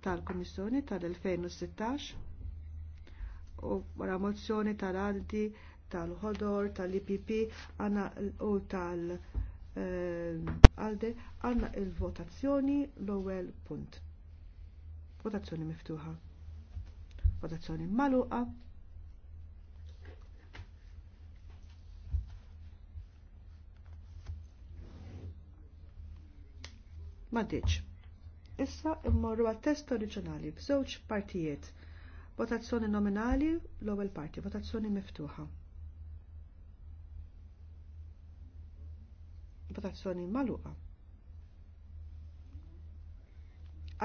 tal-Komissjoni tal-2016 u wara mozzjoni tal-Aldi, tal-Ħodor, tal-IPP u tal-Alde eh, għanna il-votazzjoni l-ewwel punt. Votazzjoni miftuħa. Votazzjoni maluqa. Ma Issa immorru għat-test oriġinali b'żewġ partijiet. Votazzjoni nominali l-ewwel parti, votazzjoni miftuħa. Votazzjoni magħluqa.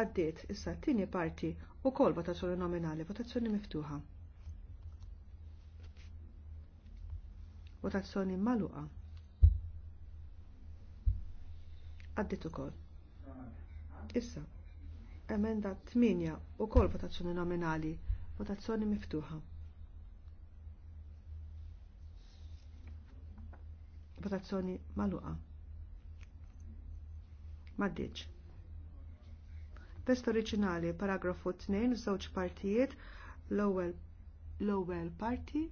Għaddiet issa t-tieni parti wkoll votazzjoni nominali, votazzjoni miftuħa. Votazzjoni magħluqa. Għaddiet ukoll Issa, emenda 8 u kol votazzjoni nominali, votazzjoni miftuħa. Votazzjoni maluqa. Maddiċ. Test oriġinali, paragrafu 2, żewġ partijiet, l-ewwel parti,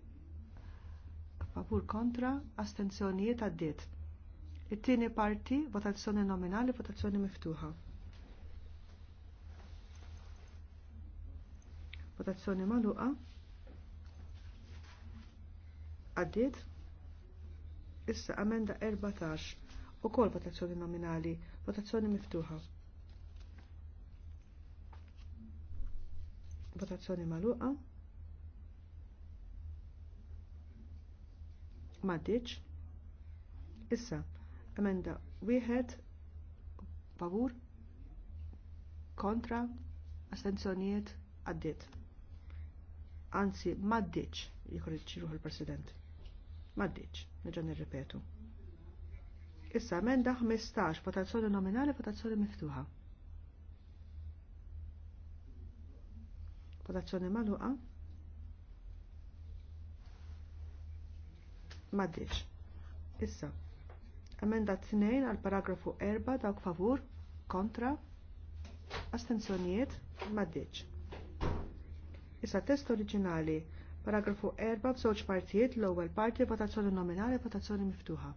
favur kontra, astenzjonijiet għaddiet. It-tieni parti, votazzjoni nominali, votazzjoni miftuħa. Votazzjoni maluqa. Għaddiet. Issa amenda 14. U kol votazzjoni nominali. Votazzjoni miftuħa. Votazzjoni maluqa. Maddiċ. Issa, emenda wieħed favur. kontra astenzjonijiet għaddiet anzi maddiċ, jikorriċi ruħu l-President. Maddiċ, neġan nirripetu. Issa, emenda 15, votazzjoni nominali, votazzjoni miftuħa. Votazzjoni maluqa. Maddiċ. Issa, emenda 2 għal paragrafu 4, dawk favur, kontra, astenzjonijiet, maddiċ Issa test oriġinali, paragrafu 4 b'żewġ partijiet l-ewwel parti votazzjoni nominali votazzjoni miftuħa.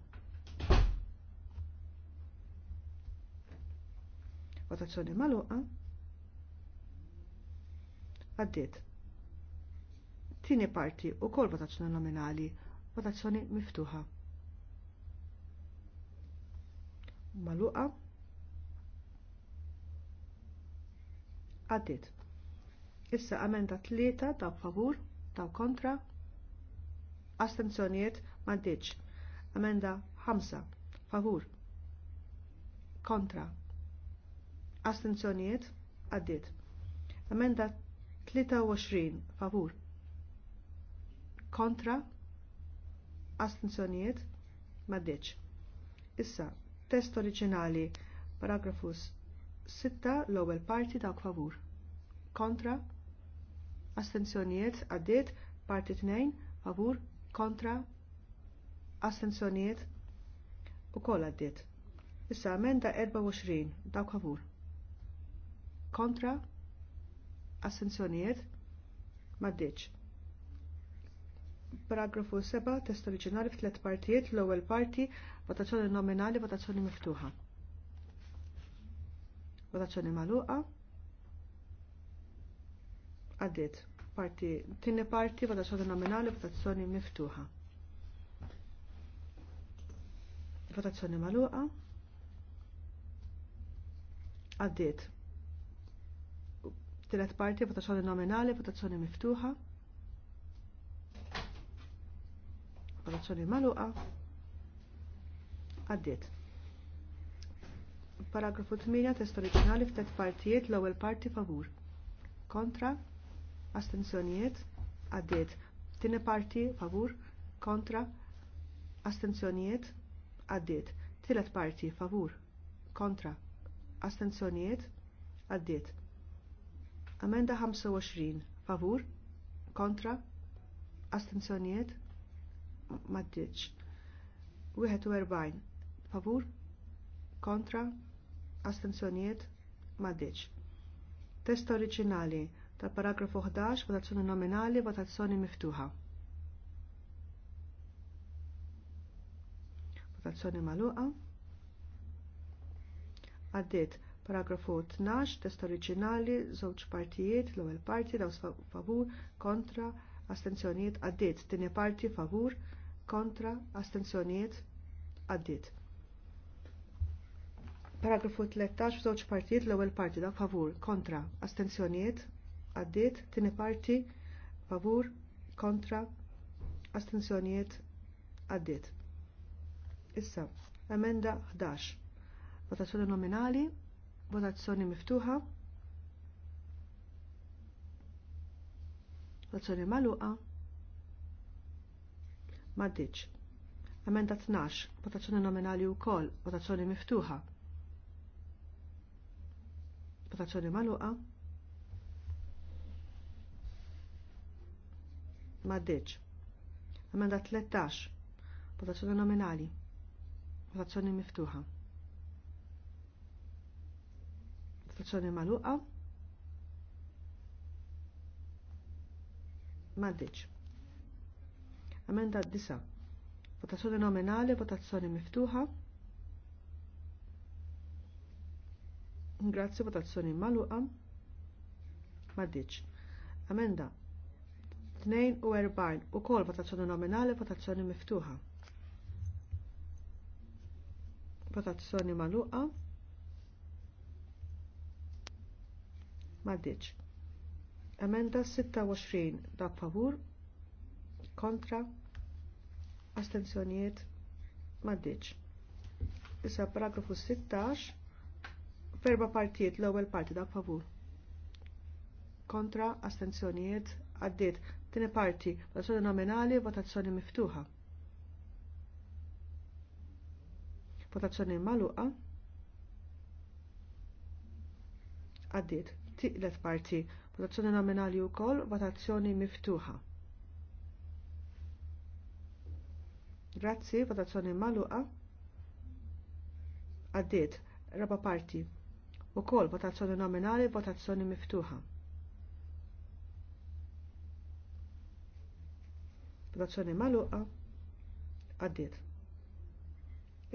Votazzjoni magħluqa. Għaddiet. Tieni parti wkoll votazzjoni nominali, votazzjoni miftuħa. Magħluqa. Għaddiet Issa amenda tlieta ta' favur, ta' kontra, astenzjonijiet mandiċ. Amenda ħamsa, favur, kontra, astenzjonijiet għaddit. Amenda 23, favur, kontra, astenzjonijiet mandiċ. Issa, test oriġinali, paragrafus 6, l-ewwel parti ta' favur, kontra, astenzjonijiet għaddiet parti 2 favur kontra astenzjonijiet u għaddiet. Issa emenda 24 dawk favur. Kontra astenzjonijiet maddiċ. Paragrafu 7 test oriġinali f'tlet partijiet l-ewwel parti votazzjoni nominali votazzjoni miftuħa. Votazzjoni magħluqa għaddit parti parti vada xogħol nominali votazzjoni miftuħa. Votazzjoni magħluqa. Għaddiet. Tilet parti votazzjoni nominali votazzjoni miftuħa. Votazzjoni magħluqa. Għaddiet. Paragrafu 8 test oriġinali f'tet partijiet l-ewwel parti favur. Kontra astenzjonijiet għaddiet. Tini parti favur kontra astenzjonijiet għaddiet. Tilet parti favur kontra astenzjonijiet għaddiet. Amenda 25 favur kontra astenzjonijiet maddiċ. 41 favur kontra astenzjonijiet maddiċ. Test oriġinali tal-paragrafu 11 votazzjoni nominali votazzjoni miftuħa. Votazzjoni magħluqa. Għaddit paragrafu 12 test oriġinali żewġ partijiet l-ewwel parti daw favur kontra astenzjonijiet għaddit tieni parti favur kontra astenzjonijiet għaddit. Paragrafu 13 żewġ partijiet l-ewwel parti daw favur kontra astenzjonijiet għaddiet, tieni parti favur kontra astensjonijiet għaddiet. Issa, emenda 11. Votazzjoni nominali, votazzjoni miftuħa, votazzjoni magħluqa. maddiċ. Emenda 12, votazzjoni nominali wkoll, votazzjoni miftuħa. Votazzjoni magħluqa. Maddiċ. Emenda 13. Votazzjoni nominali. Votazzjoni miftuħa. Votazzjoni maluqa. Maddiċ. Emenda 9. Votazzjoni nominali, votazzjoni miftuħa. Grazzi votazzjoni maluqa. Maddiċ. Amenda 42 kol votazzjoni nominali votazzjoni miftuħa. Votazzjoni magħluqa. Maddiċ. Emenda 26 da favur kontra astenzjonijiet maddiċ. Issa paragrafu 16 ferba partijiet l-ewwel parti da favur kontra astenzjonijiet għaddiet. tini parti, votazzjoni nominali, votazzjoni miftuħa. Votazzjoni magħluqa. Għaddiet. Tiqlet parti, votazzjoni nominali wkoll, votazzjoni miftuħa. Grazzi, votazzjoni magħluqa. Għaddiet. Raba parti. kol votazzjoni nominali, votazzjoni miftuħa. votazzjoni magħluqa għaddiet.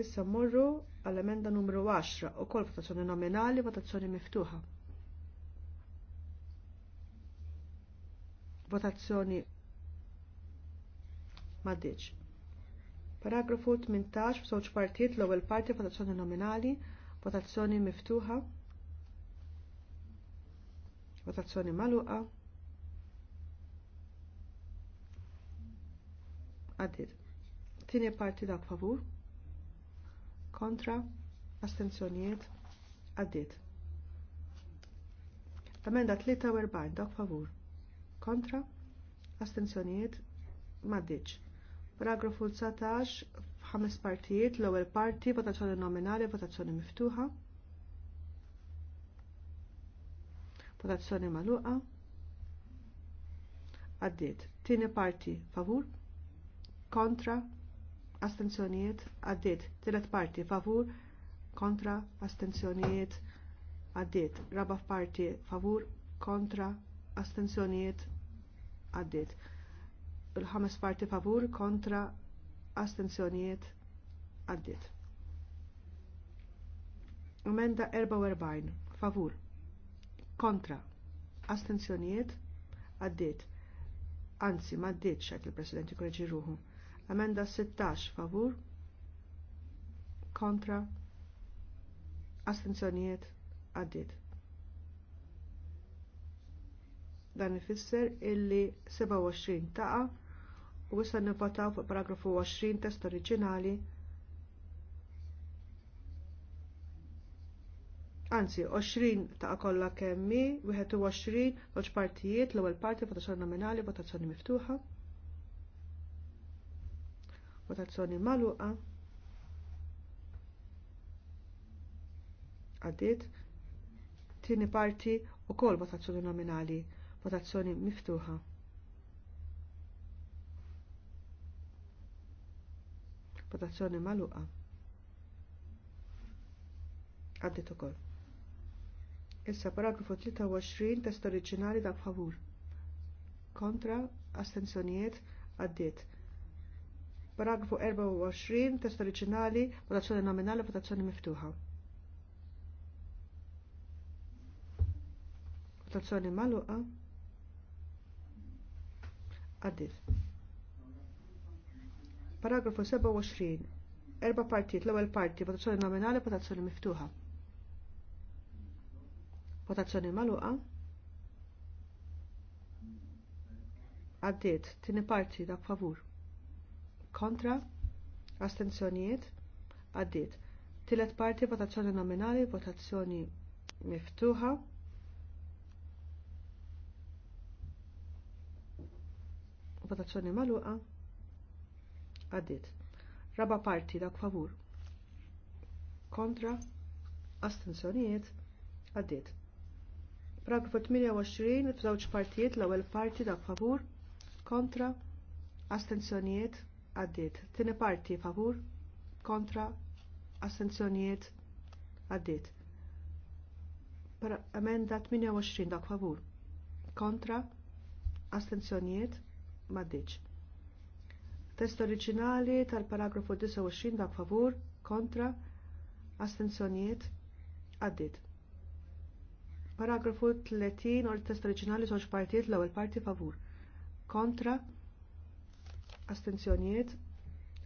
Issa mmorru għall-emenda numru 10 ukoll votazzjoni nominali votazzjoni miftuħa. Votazzjoni maddiċ. Paragrafu 18 f'żewġ partijiet l-ewwel parti votazzjoni nominali, votazzjoni miftuħa, votazzjoni magħluqa. għaddit. Tini parti dak favur, kontra, astenzjonijiet, għaddit. Amenda 43 dak favur, kontra, Astenzjoniet. maddiċ. Paragrafu 19 f'ħames partijiet, l-ewwel parti votazzjoni nominali, votazzjoni miftuħa. Votazzjoni magħluqa. Għaddiet. Tieni parti favur kontra astenzjonijiet għaddiet. Tielet parti favur kontra astenzjonijiet għaddiet. Raba parti favur kontra astenzjonijiet għaddiet. Il-ħames parti favur kontra astenzjonijiet għaddiet. Emenda 44 favur kontra astenzjonijiet għaddiet. Anzi, ma għaddiet il-President jkorreġi ruħu. Amenda 16 favur kontra astenzjonijiet għaddit. Dan ifisser illi 27 taqa u issa nivvotaw fuq paragrafu 20 test oriġinali Anzi, 20 ta' kollha kemmi, 21 żewġ partijiet, l-ewwel parti votazzjoni nominali, votazzjoni miftuħa votazzjoni maluqa għaddit tieni parti u kol votazzjoni nominali votazzjoni miftuħa votazzjoni maluqa u ukoll. Issa paragrafu 23 test oriġinali da favur. Kontra astensjonijiet għaddiet. Paragrafu 24, test oriġinali, votazzjoni nominali, votazzjoni miftuħa. Votazzjoni maluqa. Għaddit. Paragrafu 27, erba partijiet, l-ewwel parti, votazzjoni nominali, votazzjoni miftuħa. Votazzjoni maluqa. Għaddiet, tieni parti dak favur kontra, astenzjonijiet, għaddiet. Tilet parti votazzjoni nominali, votazzjoni miftuħa. Votazzjoni magħluqa. għaddiet. Raba parti dak favur. Kontra, astenzjonijiet, għaddiet. Paragrafu 28 f'żewġ partijiet l-ewwel parti dak favur, kontra, astenzjonijiet, għaddiet. Tini parti favur kontra assenzjonijiet għaddiet. Per emenda 28 dak favur kontra astenzjonijiet maddiċ. Test oriġinali tal-paragrafu 29 dak favur kontra assenzjonijiet għaddiet. Paragrafu 30 u l test oriġinali soċ partijiet l-ewwel parti favur kontra astenzjonijiet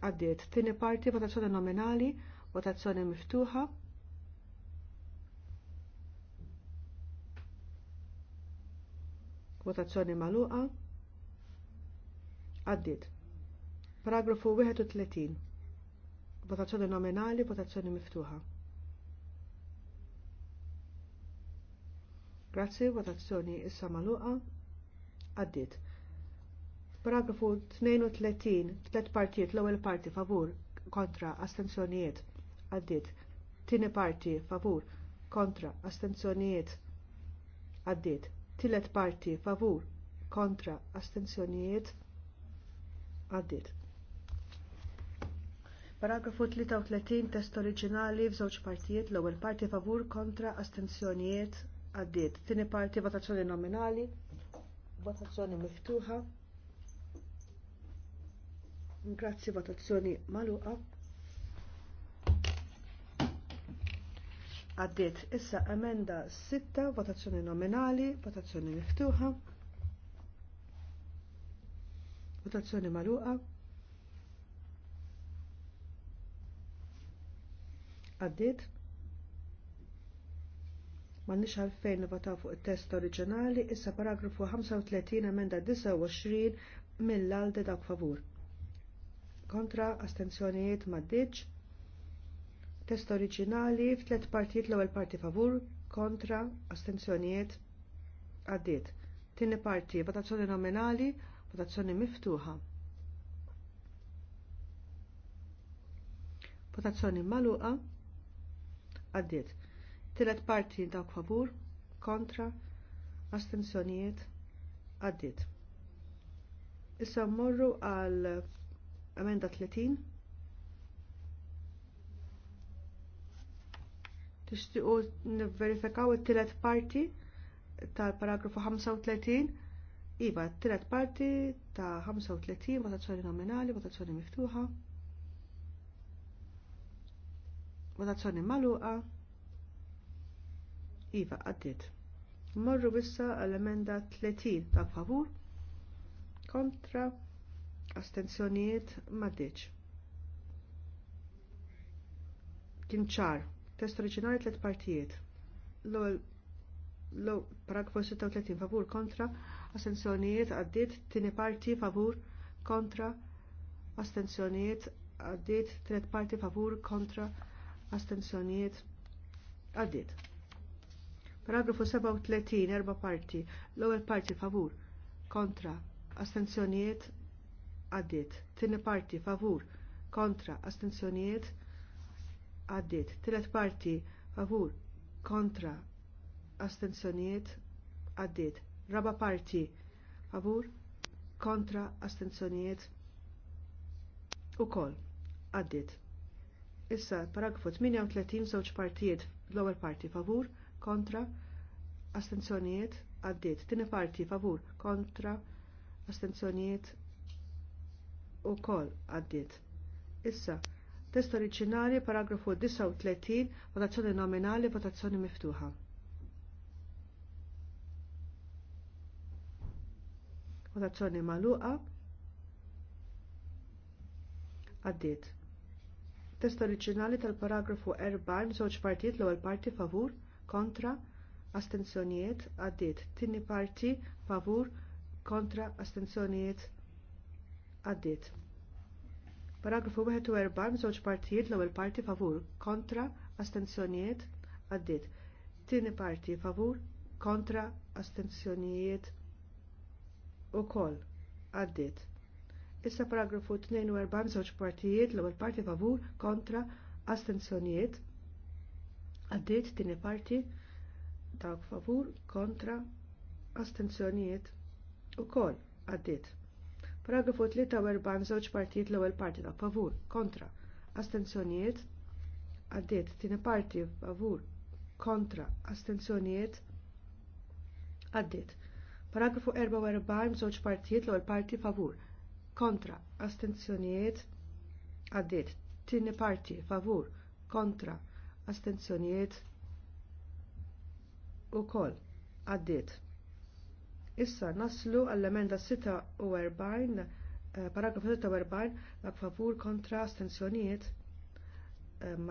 għaddiet. Tieni parti votazzjoni nominali, votazzjoni miftuħa. Votazzjoni maluqa. Għaddiet. Paragrafu 31. Votazzjoni nominali, votazzjoni miftuħa. Grazzi, votazzjoni issa maluqa. Għaddiet. Paragrafu 32, tlet partijiet, l-ewwel parti favur, kontra, astenzjonijiet, għaddiet. Tieni parti favur, kontra, astenzjonijiet, għaddiet. Tillet parti favur, kontra, astenzjonijiet, għaddiet. Paragrafu 33 test oriġinali f'żewġ partijiet l-ewwel parti favur kontra astenzjonijiet għaddiet. Tieni parti votazzjoni nominali, votazzjoni miftuħa. Grazzi votazzjoni maluqa. Għaddiet issa emenda 6, votazzjoni nominali, votazzjoni miftuħa. Votazzjoni maluqa. Għaddiet. Mannix għalfejn votaw fuq it-test oriġinali, issa paragrafu 35 emenda 29 mill-alde dak favur kontra astenzjonijiet maddiċ test oriġinali f'tliet partijiet l-ewwel parti favur kontra astenzjonijiet għaddiet. Tieni parti votazzjoni nominali, votazzjoni miftuħa. Votazzjoni magħluqa għaddiet. Tielet parti dawk favur kontra astenzjonijiet għaddiet. Issa mmorru għal Emenda 30. Tixtiqu nivverifikaw it-tielet parti tal-paragrafu 35. Iva, t-tielet parti ta' 35, votazzjoni nominali, votazzjoni miftuħa. Votazzjoni maluqa. Iva, għaddit. Morru bissa għall-emenda 30 ta' favur kontra astenzjonijiet maddiċ. Kien ċar, test oriġinali tliet partijiet. L-ewwel paragrafu 36 favur kontra astenzjonijiet għaddiet, tieni parti favur kontra astenzjonijiet għaddiet, tret parti favur kontra astenzjonijiet għaddiet. Paragrafu 37, erba parti, l-ewwel parti favur kontra astenzjonijiet għaddiet Tieni parti favur kontra astensjonijiet għaddiet Tielet parti favur kontra astenzjonijiet għaddiet Raba parti favur kontra astensjonijiet ukoll għaddiet. Issa paragrafu 38 żewġ partijiet l-ewwel parti favur kontra astenzjonijiet għaddiet, tieni parti favur kontra astenzjonijiet ukoll għaddiet. Issa, test oriġinali paragrafu 39 votazzjoni nominali votazzjoni miftuħa. Votazzjoni magħluqa għaddiet. Test oriġinali tal-paragrafu 40 żewġ partijiet l-ewwel parti favur, kontra, astenzjonijiet għaddiet. Tieni parti favur, kontra, astenzjonijiet għaddiet. Paragrafu 41 żewġ partijiet l-ewwel parti favur kontra astenzjonijiet għaddiet. Tieni parti favur kontra astenzjonijiet ukoll għaddiet. Issa paragrafu 42 żewġ partijiet l-ewwel parti favur kontra astenzjonijiet għaddiet tieni parti dawk favur kontra astenzjonijiet ukoll għaddiet. Paragrafu 43 żewġ partijiet l-ewwel parti ta' favur kontra astenzjonijiet għaddiet tieni parti favur kontra astenzjonijiet għaddiet. Paragrafu 44 żewġ partijiet l-ewwel parti favur kontra astenzjonijiet għaddiet. Tieni parti favur kontra astenzjonijiet ukoll għaddiet. Issa naslu għall-emenda 46, eh, paragrafu 46, dak favur kontra astensjonijiet eh,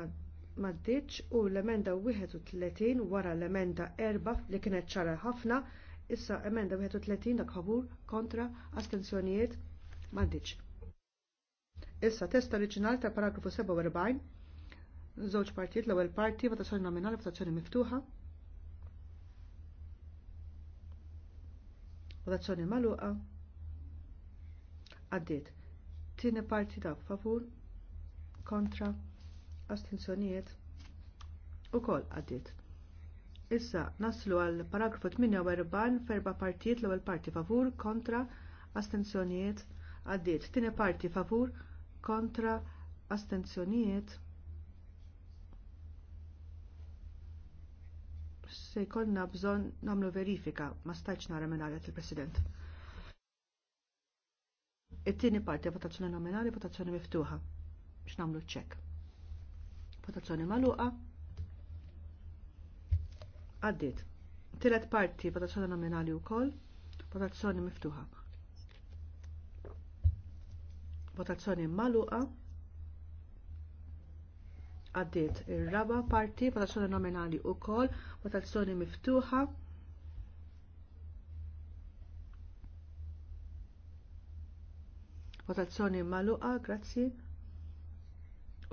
maddiċ u l-emenda 31 wara l-emenda 4 li kienet ċara ħafna, issa emenda 31 dak favur kontra astensjonijiet maddiċ. Issa test oriġinali tal paragrafu 47, żewġ partijiet l-ewwel parti votazzjoni nominali votazzjoni miftuħa. Votazzjoni maluqa. Għaddit. Tieni parti dak favur kontra U kol għaddiet. Issa naslu għal paragrafu 48 ferba partijiet l-ewwel parti favur kontra astenzjonijiet għaddiet. Tieni parti favur kontra astenzjonijiet se jkollna bżonn nagħmlu verifika ma stajtx nara minn għalet il-President. It-tieni parti votazzjoni nominali, votazzjoni miftuħa. Biex nagħmlu ċek. Votazzjoni magħluqa. Għaddiet. Tielet parti votazzjoni nominali wkoll, votazzjoni miftuħa. Votazzjoni magħluqa għaddiet ir-raba parti votazzjoni nominali wkoll, votazzjoni miftuħa. Votazzjoni magħluqa, grazzi.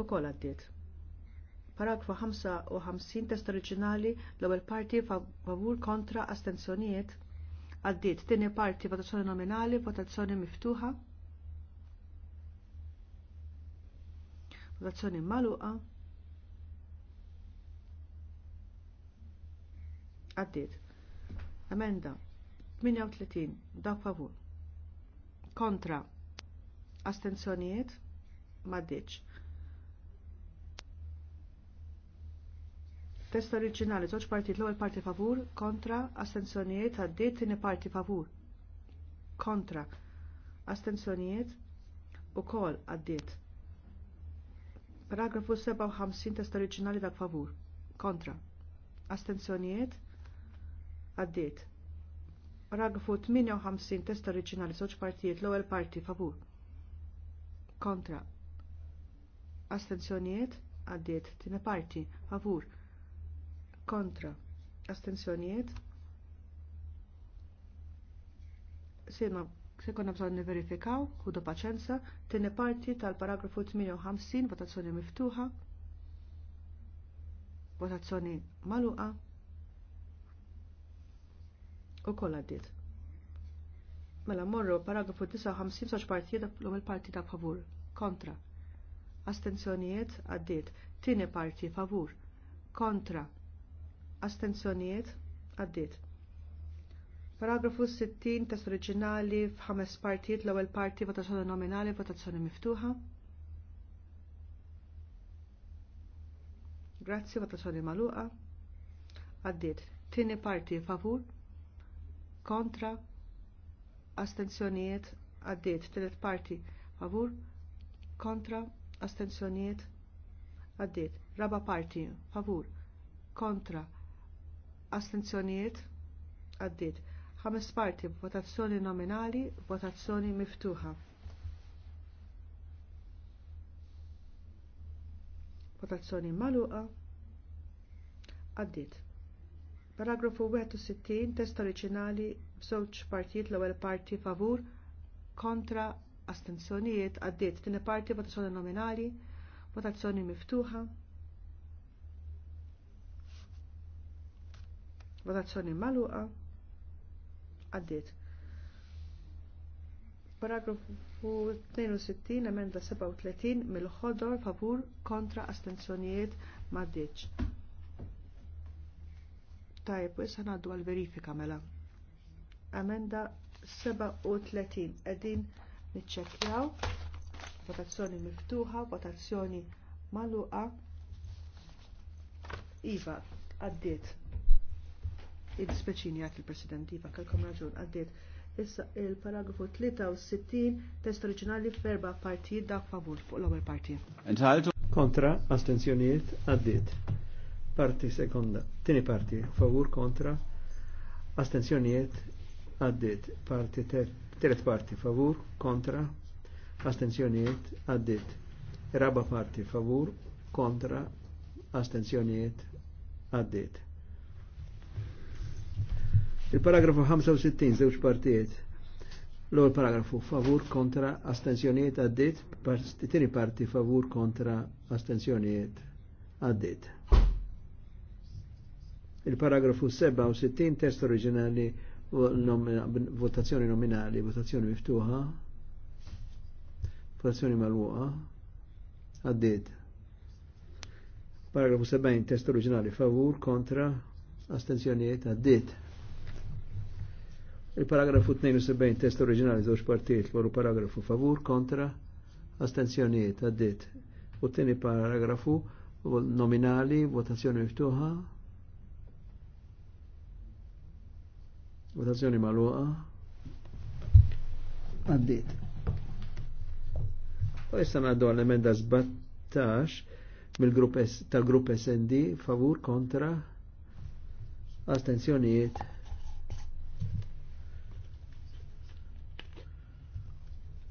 Ukoll għaddiet. Paragrafu 55 test oriġinali l-ewwel parti favur kontra astenzjonijiet għaddiet. Tieni parti votazzjoni nominali, votazzjoni miftuħa. Votazzjoni magħluqa. Għaddit. Amenda. 38. da' favur. Kontra. Astenzjonijiet. Maddiċ. Test oriġinali, żewġ partit l-ewwel parti favur, kontra, astenzjonijiet għaddiet tini parti favur. Kontra, astenzjonijiet ukoll għaddit. Paragrafu 57 test oriġinali dak favur. Kontra, astenzjonijiet Għaddiet. Paragrafu 58 test oriġinali żewġ partijiet l-ewwel parti favur. Kontra. Astenzjonijiet għaddiet tieni parti favur. Kontra. Astenzjonijiet. Sema se konna bżonn niverifikaw ħudu paċenza tieni parti tal-paragrafu 58 votazzjoni miftuħa. Votazzjoni maluqa. U koll għaddit. Mela morru paragrafu 59 soċ partijiet l-ewwel parti ta' favur, kontra. Astenzjonijiet għaddiet. Tieni parti favur, kontra. Astenzjonijiet għaddiet. Paragrafu 60 test oriġinali f'ħames partijiet l-ewwel parti votazzjoni nominali votazzjoni miftuħa. Grazzi votazzjoni magħluqa. Għaddiet. Tieni parti favur, kontra astenzjonijiet għaddiet tielet parti favur kontra astenzjonijiet għaddiet raba parti favur kontra astenzjonijiet għaddiet ħames parti votazzjoni nominali votazzjoni miftuħa votazzjoni magħluqa għaddiet Paragrafu 61, test oriġinali b'żewġ partijiet l-ewwel parti favur kontra astensjonijiet għaddiet tieni parti votazzjoni nominali, votazzjoni miftuħa, votazzjoni magħluqa għaddiet. Paragrafu 62, emenda 37, mill-ħodor favur kontra astensjonijiet maddiċ. Tajb, issa ngħaddu għal verifika mela. Amenda 37 qegħdin niċċekkjaw. Votazzjoni miftuħa, votazzjoni magħluqa. Iva, għaddiet. Id-speċini għat il-President Iva, kellkom raġun, għaddiet. Issa il-paragrafu 63, test oriġinali f'erba partijiet dak favur fuq l-ewwel parti. Kontra, astenzjonijiet, għaddiet Parti sekonda, tini parti, favur kontra, astenzjoniet, għaddit. Parti ter, teret parti, favur kontra, astenzjoniet, għaddit. Raba parti, favur kontra, astenzjoniet, għaddit. Il-paragrafu 65, zewġ partijiet. L-ewwel paragrafu favur kontra astenzjoniet, għaddit, tini parti favur kontra astenzjoniet, għaddit. Il-paragrafu 67 test oriġinali votazzjoni nominali, votazzjoni miftuħa, votazzjoni malwuqa, għaddit. Paragrafu 70 test oriġinali favur, kontra, astenzjoniet, għaddit. Il-paragrafu 72 test oriġinali żewġ partijiet l paragrafu favur, kontra, astenzjoniet, għaddit. U t tini paragrafu nominali, votazzjoni miftuħa, Votazzjoni maluqa. Għaddit. U issa għaddu għall-emenda 17 mill-grupp tal grupp SND favur kontra astenzjonijiet.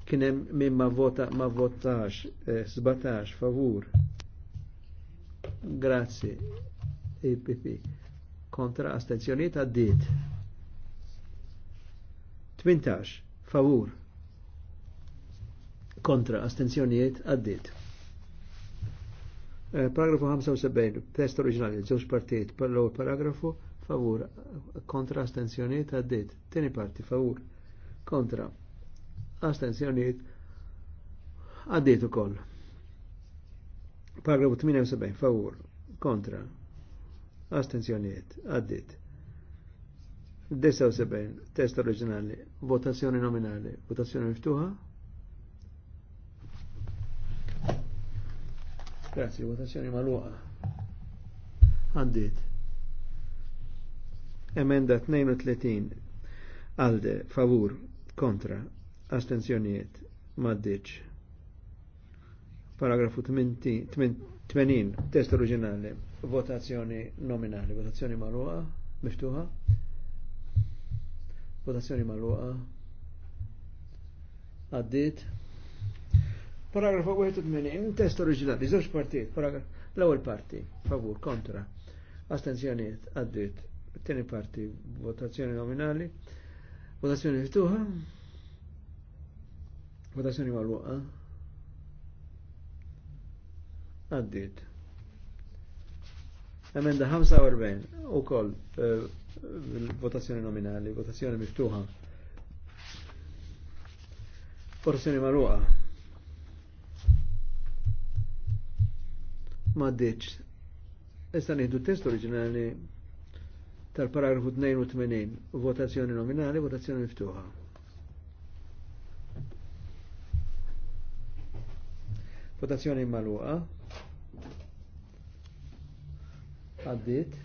Kienem minn ma vota ma votax eh, 17 favur. Grazie. EPP. Kontra astenzjonijiet għaddit. 18 favur kontra astenzjonijiet għaddit. Eh, paragrafu 75, test oriġinali, żewġ partijiet, l-ewwel paragrafu favur kontra astenzjonijiet għaddit. Tieni parti favur kontra astenzjonijiet għaddit ukoll. Paragrafu 78 favur kontra astenzjonijiet għaddit. 79, test oriġinali, votazzjoni nominali, votazzjoni miftuħa. Grazie, votazzjoni maluqa. Għaddit. Emenda 32, għalde, favur, kontra, astenzjoniet, maddiċ. Paragrafu 80, test oriġinali, votazzjoni nominali, votazzjoni maluqa, miftuħa. Votazzjoni marruqa. Għaddit. Paragrafu 81, test oriġinali, żewġ partijiet, paragraf l-ewwel parti, favur, kontra. Astenzjonijiet, għaddit. Tieni parti, votazzjoni nominali. Votazzjoni ftuħa. Votazzjoni marruqa. Għaddit. Emenda 45 u koll uh, eh, votazzjoni nominali, votazzjoni miftuħa. Votazzjoni marruqa. Ma ddiċ. Issa nieħdu test oriġinali tal-paragrafu 82, votazzjoni nominali, votazzjoni miftuħa. Votazzjoni marruqa. Għaddit.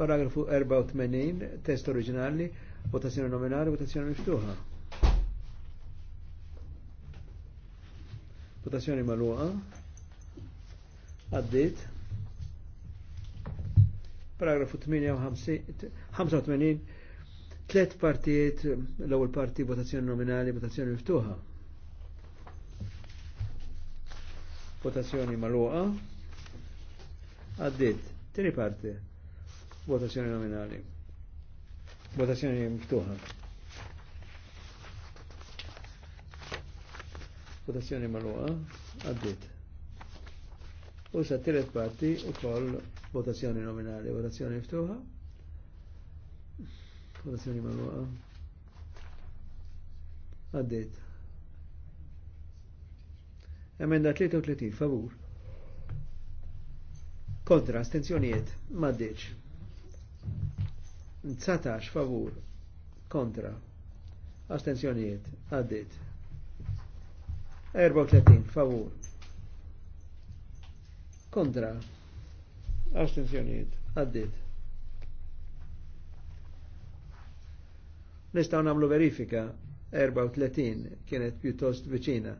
Paragrafu 84, test oriġinali, votazzjoni nominali, votazzjoni miftuħa. Votazzjoni maluqa. Addit. Paragrafu 58, 85, tlet partijiet, l-ewwel parti votazzjoni nominali, votazzjoni miftuħa. Votazzjoni maluqa. Addit. Tieni parti. Votazzjoni nominali. Votazzjoni miftuħa. Votazzjoni maluqa, għaddit. U sa t-tiret parti u koll votazzjoni nominali, votazzjoni miftuħa. Votazzjoni maluqa. Għaddit. Emenda 33, favur. Kontra, astenzjonijiet, maddiċ. 19 favur kontra astenzjonijiet għaddit 34 favur kontra astenzjonijiet għaddit Nistaw namlu verifika 34 kienet pjuttost viċina.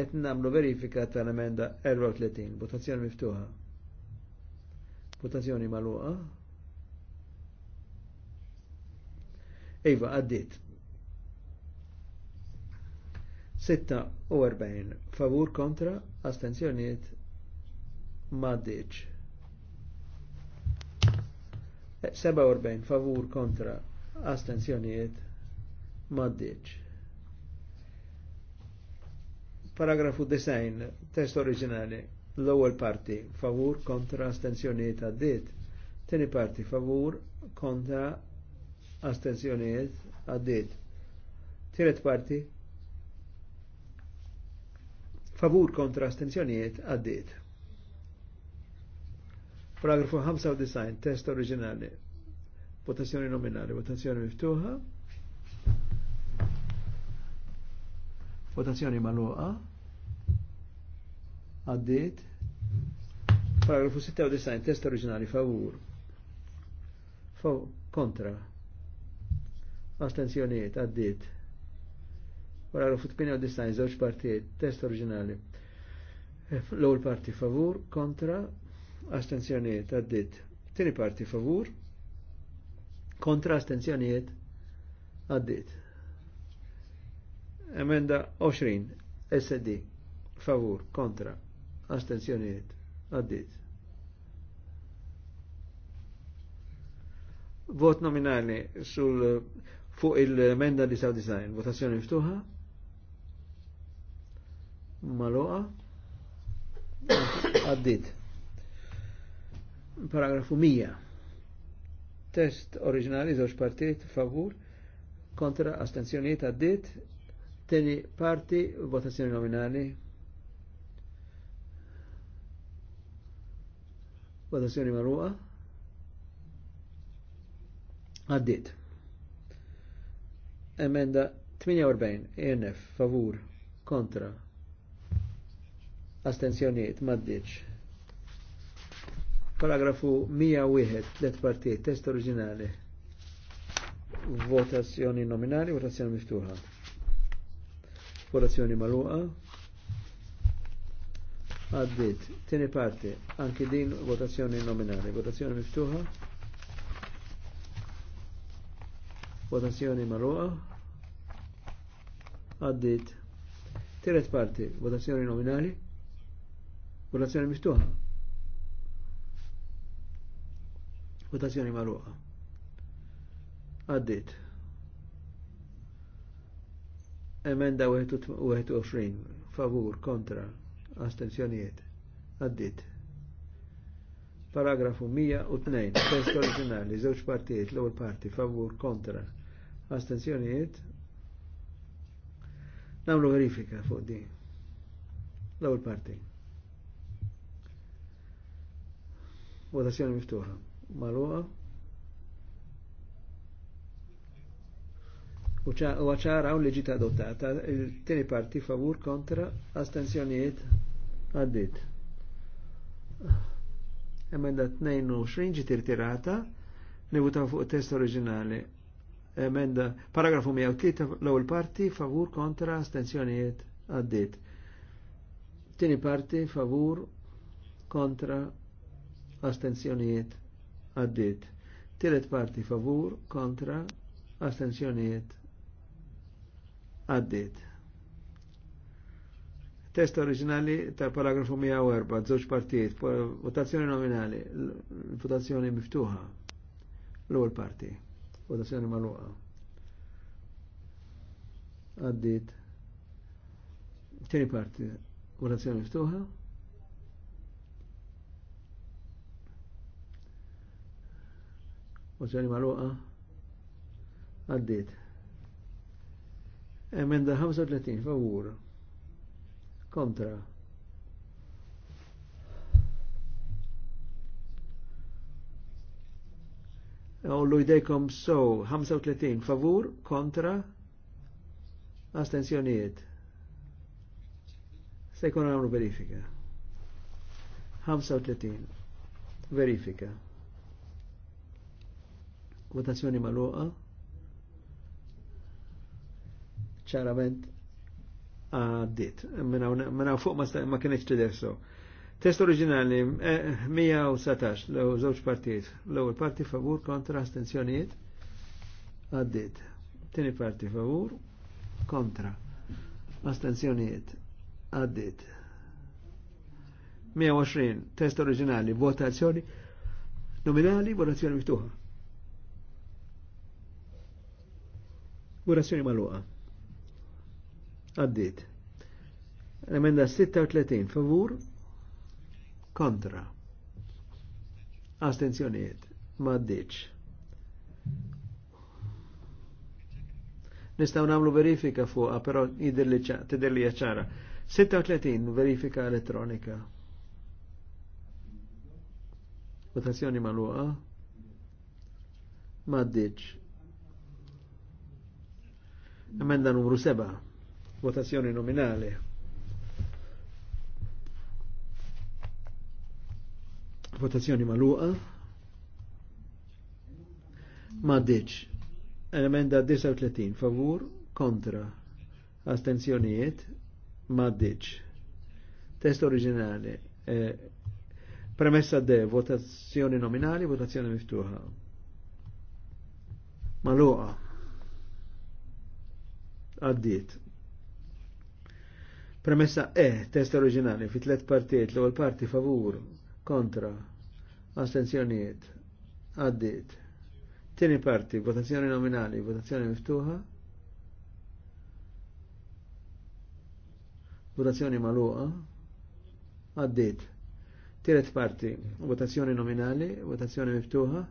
Et namlu verifika tal-emenda 34, votazzjoni miftuħa. Votazzjoni maluqa. Iva, għaddit. 46 favur kontra astenzjoniet maddiċ. 47 eh, favur kontra astenzjoniet maddiċ. Paragrafu 9, test oriġinali, l-ewwel parti favur kontra astenzjoniet għaddit, tieni parti favur kontra astenzjonijiet, għaddit. Tiret parti, favur kontra astensjonijiet. għaddit. Paragrafu 95, test oriġinali, votazzjoni nominali, votazzjoni miftuħa, votazzjoni maluqa, għaddit, paragrafu 96, test oriġinali, favur, favur, kontra, astenzjoniet għaddit. Paragrafu 98, żewġ partijiet, test oriġinali. L-ewwel parti favur, kontra, astenzjoniet għaddit. Tieni parti favur, kontra astenzjoniet għaddit. Emenda 20, SD, favur, kontra, astenzjoniet għaddit. Vot nominali sul fuq il-menda 99, votazzjoni miftuħa, maloqa, għaddit. Paragrafu 100. Test oriġinali żewġ partijiet favur kontra astenzjonijiet għaddit, teni parti votazzjoni nominali. Votazzjoni marruqa. Għaddit. Emenda 48, ENF, favur, kontra, astenzjoniet, maddiċ. Paragrafu 101, let partijiet, test oriġinali. Votazzjoni nominali, votazzjoni miftuħa. Votazzjoni maluqa. Għaddit, tieni parti, anki din votazzjoni nominali, votazzjoni miftuħa. Votazzjoni maluqa għaddit. Tiret parti, votazzjoni nominali, votazzjoni miftuħa. Votazzjoni marruqa. Għaddit. Emenda 21, favur, kontra, astenzjonijiet. Għaddit. Paragrafu 102, test originali żewġ partijiet, l-ewwel parti, favur, kontra, astenzjonijiet, Namlu verifika fuq di. L-ewwel parti. Votazzjoni miftuħa. Maluqa. U ċara u liġita adottata, il-tieni parti favur kontra astensjonijiet għaddit. Emenda 22 ġiet irtirata, nivutaw fuq test oriġinali emenda paragrafu 103 l-ewwel parti favur kontra astensjonijiet, għaddit. Tieni parti favur kontra astensjonijiet għaddit. Tielet parti favur kontra astensjonijiet. għaddit. Test oriġinali tal-paragrafu 104, żewġ partijiet, votazzjoni nominali, votazzjoni miftuħa, l-ewwel parti s votazzjoni maluqa. Għaddit. Tieni parti, s votazzjoni ftuħa. Votazzjoni maluqa. Għaddit. Emenda 35 favur. Kontra. Ollu jdejkom so, 35, favur, kontra, astensjonijiet. Sejkon għamlu verifika. 35, verifika. Votazzjoni maluqa. ċarament għaddit. Minna fuq ma, ma kienieċ tidessu. So. Test oriġinali 117 l żewġ partijiet. L-ewwel parti favur kontra astenzjonijiet għaddiet. Tieni parti favur kontra astenzjonijiet għaddiet. 120 test oriġinali votazzjoni nominali votazzjoni miftuħa. Votazzjoni maluqa. Għaddiet. L-emenda 36 favur kontra astenzjoniet maddiċ nistaw namlu verifika fuqa pero jidir li ċara 36 verifika elettronika votazzjoni maluqa maddiċ emenda numru 7 votazzjoni nominali Votazzjoni maluqa. Ma ditx. Emenda 39 favur kontra. Astenzjonijiet ma ditx. Test oriġinali. Eh, premessa de votazzjoni nominali, votazzjoni miftuħa. Maluqa. Għaddit. Premessa E, test oriġinali, fi tlet partijiet, l-ewwel parti favur kontra, astenzjoniet, għaddit. Tieni parti, votazzjoni nominali, votazzjoni miftuħa, votazzjoni maluqa, għaddit. Tiret parti, votazzjoni nominali, votazzjoni miftuħa,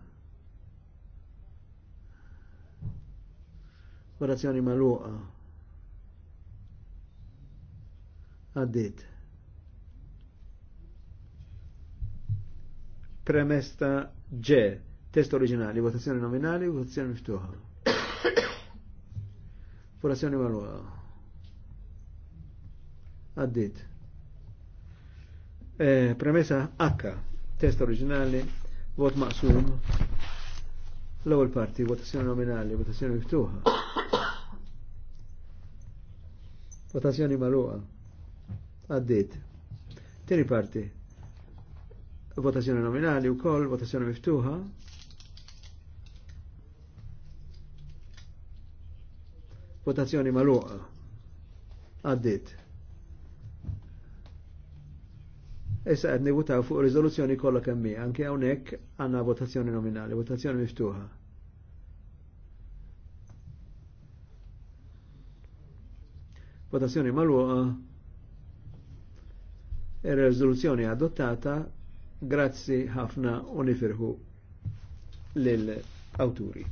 votazzjoni maluqa, għaddit. Premesta G, test oriġinali, votazzjoni nominali, votazzjoni miftuħa. Votazzjoni maluqa. Addit. Eh, premessa H, test oriġinali, vot maqsum, l-ewwel parti, votazzjoni nominali, votazzjoni miftuħa. Votazzjoni maluqa. Addit. Tieni parti, votazzjoni nominali u koll, votazzjoni miftuħa. Votazzjoni maluqa. Għaddit. Issa għedni votaw fuq rizoluzzjoni kollha kemmi, anke hawnhekk għandna votazzjoni nominali, votazzjoni miftuħa. Votazzjoni maluqa. Ir-riżoluzzjoni adottata Grazzi ħafna u nifirħu lill-awturi.